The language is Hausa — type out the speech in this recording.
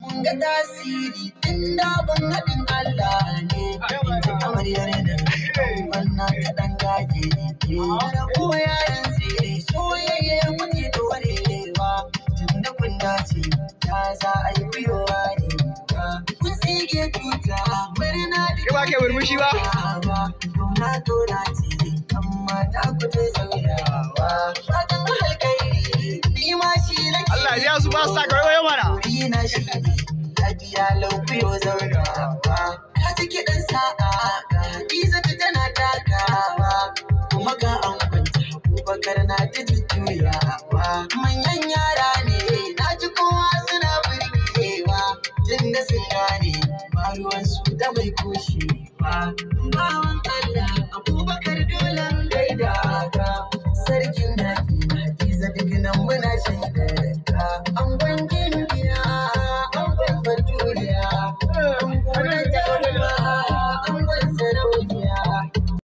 Mun ga tasiri tun da haɗin Allah ne. Amaryar da wannan ta ɗan gaje ne. Eh, kuma yayan tsire soyayyen wani dorewa. Tun da kun dace ta za a yi wiyowa ne. Kun tsige tuta murna da ke ba ke murmushi ba. Dona dona ce amma ta kuce sauyawa. Fatan alkairi ni ma shi nake. Allah ya su ba su ta kawai mana. ya lafiya laufiyo zaunawa ka ji kiɗan sa'a ga ta tana takawa kuma ga an abubakar na ta jujjuyawa manyan yara ne na ji kowa suna birgewa tun da sun gane ba ruwansu da mai kushewa bawan Allah abubakar dolan gaida ka sarkin daɗi hadiza duk nan muna shan